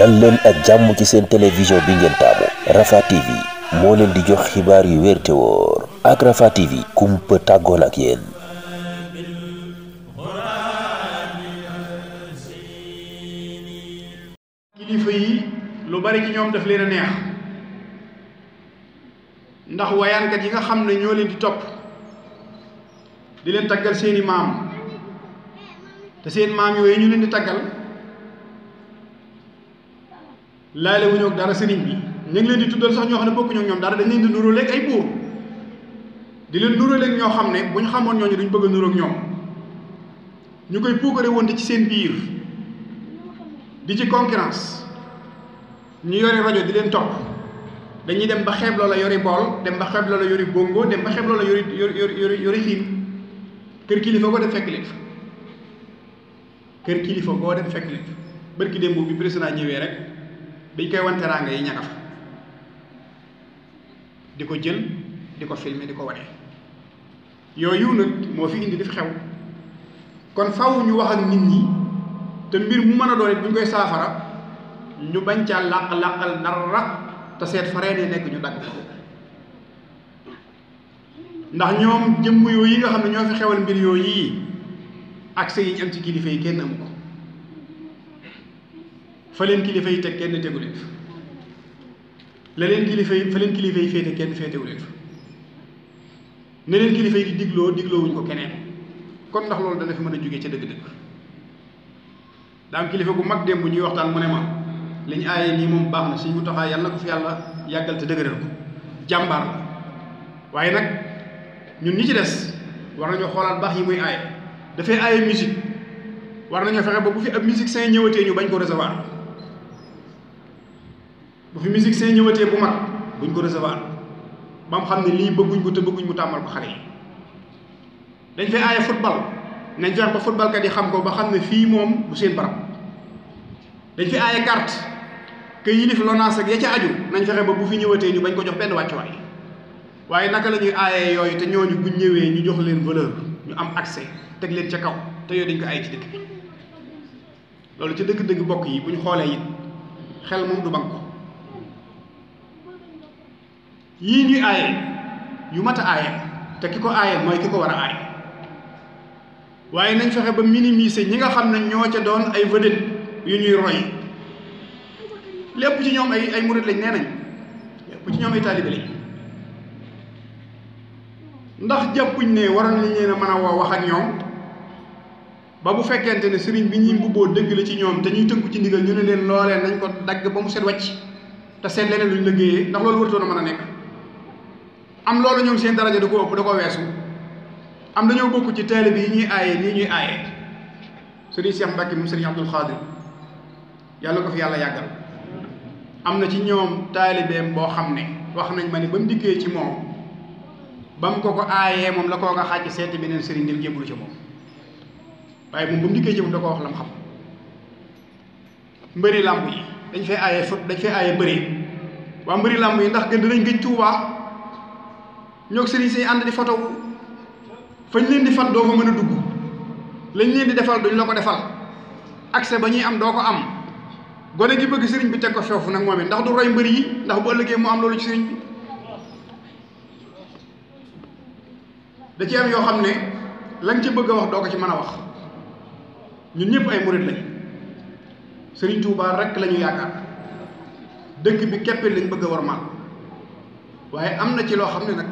dal leen ak jàmm ci seen télévision bi ngeen taamu Rafah TV moo leen di jox xibaar yu wér te wóor ak Rafah TV kumpa tàggoon ak yéen. kilifa yi lu bari ci ñoom daf leen a neex ndax wayaankat yi nga xam ne ñoo leen di topp di leen taggal seeni maam te seen maam yooyu ñu leen di taggal. laale wu ñoog dara sëriñ bi ñu ngi di tuddal sox ñoo xam ne bokkuñu ak ñoom dara dañ leen di nuróoleeg ay buur di ñoo xam ne bu ñu xamoon ñooñu duñ bëgg a ñoom ñu koy puukare di ci seen biir di ci concurrence ñu yore rajo di leen topp dañuy dem ba xeeb la yori bool dem ba xeeb loola yori bongo dem ba xeeb loola yori yori yori yori xiin kër kilifa goo dem fekk leen kër kilifa goo dem fekk leen barki démb bi président ñëwee rek. biñ koy wan yi ña nga di ko jël di ko filmer di ko wane yooyu nag moo fi indi di fi xew kon faw ñu nit ñi te mbir mu mën a doon it bu ñu koy saafara ñu bañ caa làq-làqal dara te seet fa reen yi nekk ñu dagg ko ndax ñoom jëmm yooyu yi nga xam ne ñoo fi xewal mbir yooyu yi accès yi ñu ci kilifa yi kenn amu ko fa leen kilifa yi teg kenn tegu la leen kilifa yi fa leen kilifa yi féete kenn féetewu leen fa leen kilifa yi di digloo digloowuñ ko keneen kon ndax loolu dana fi mën a jógee ca dëgg-dëgg daa gu mag démb ñuy waxtaan mu ne ma li ñu aaye moom baax na suñ yàlla na ko fi yàlla yàggal te dëgëral ko jàmbaar la waaye nag ñun ñi ci des war nañoo xoolaat baax yi muy aaye dafay aaye musique war nañoo fexe ba bu fi ab musique sañ ñëwatee ñu bañ ko recevoir bi musique seen ñëwatee bu mag buñ ko recevoir ba mu xam ne lii bëgguñ ko te bëgguñ mu tàmmal ko xale yi dañ fay aaye football nañ feex ba footballkat yi xam ko ba xam ne fii moom bu seen barab dañ fi aaye carte que yilif lonaas ya ca aju nañ fexe ba bu fi ñëwatee ñu bañ ko jox benn wàccuwaay waaye naka la ñuy aayee yooyu te ñooñu buñ ñëwee ñu jox leen valeur ñu am accès teg leen ca kaw te yooyu dañ ko ay ci dëkk bi loolu ci dëgg-dëgg bokk yi bu ñu xoolee xel moom du yii ñuy aaye yu mat a te ki ko aaye mooy ki ko war a aaye waaye nañ fexe ba minimiser ñi nga xam ne ñoo ca doon ay vedette yu ñuy roy lépp ci ñoom ay ay murid lañ nee nañ lépp ci ñoom ay taalibe lañ ndax jàppuñ ne waroon nañ leen a mën a woo wax ak ñoom ba bu fekkente ne sëriñ bi ñuy mbubboo dëgg la ci ñoom te ñuy tënku ci ndigal ñu ne leen loolee nañ ko dagg ba mu set wàcc te seet leneen luñ liggéeyee ndax loolu waratoon a mën a nekk am loolu ñoom seen daraja du ko ëpp da ko weesu am dañoo bokk ci taalibe yi ñuy aaye nii ñuy aaye sëriñ Cheikh Mbacke moom sëriñ Abdul Xaadir yàlla ko fi yàlla yàggal am na ci ñoom taalibeem boo xam ne wax nañ ma ne ba mu dikkee ci moom ba ko ko aayee moom la ko nga xàcc seeti beneen sëriñ dem jébbalu ci moom waaye moom ba dikkee ci moom da ko wax la mu xam mbëri làmb yi dañ fay aaye fut dañ fay aaye bëri waa mbëri làmb yi ndax gën dinañ gëj ñoo sëriñ say ànd di fotowu fañ leen di fat doo fa mën a dugg lañ leen di defal duñ la ko defal accès ba ñuy am doo ko am gone gi bëgg sëriñ bi teg ko foofu nag moom it ndax du roy mbër yi ndax bu ëllëgee mu am loolu ci sëriñ bi da ci am yoo xam ne lañ ci bëgg a wax doo ko ci mën a wax ñun ñëpp ay murit lañ sëriñ Touba rek lañuy ñu yaakaar dëkk bi keppe lañ bëgg a warmaal waaye am na ci loo xam ne nag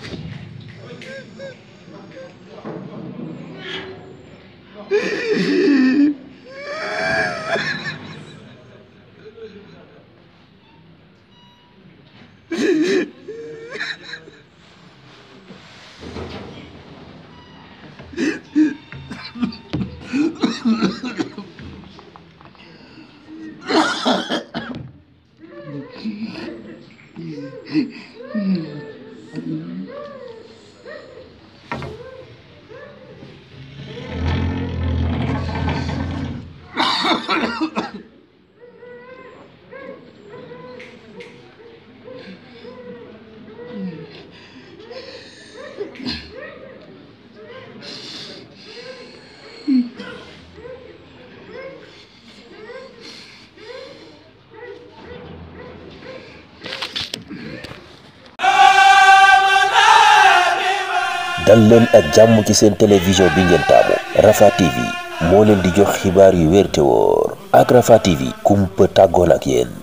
dal leen ak jàmm ci seen télévision bi ngeen taamu Rafah TV moo leen di jox xibaar yu wér te wóor ak Rafah TV kumpa tàggoon ak yéen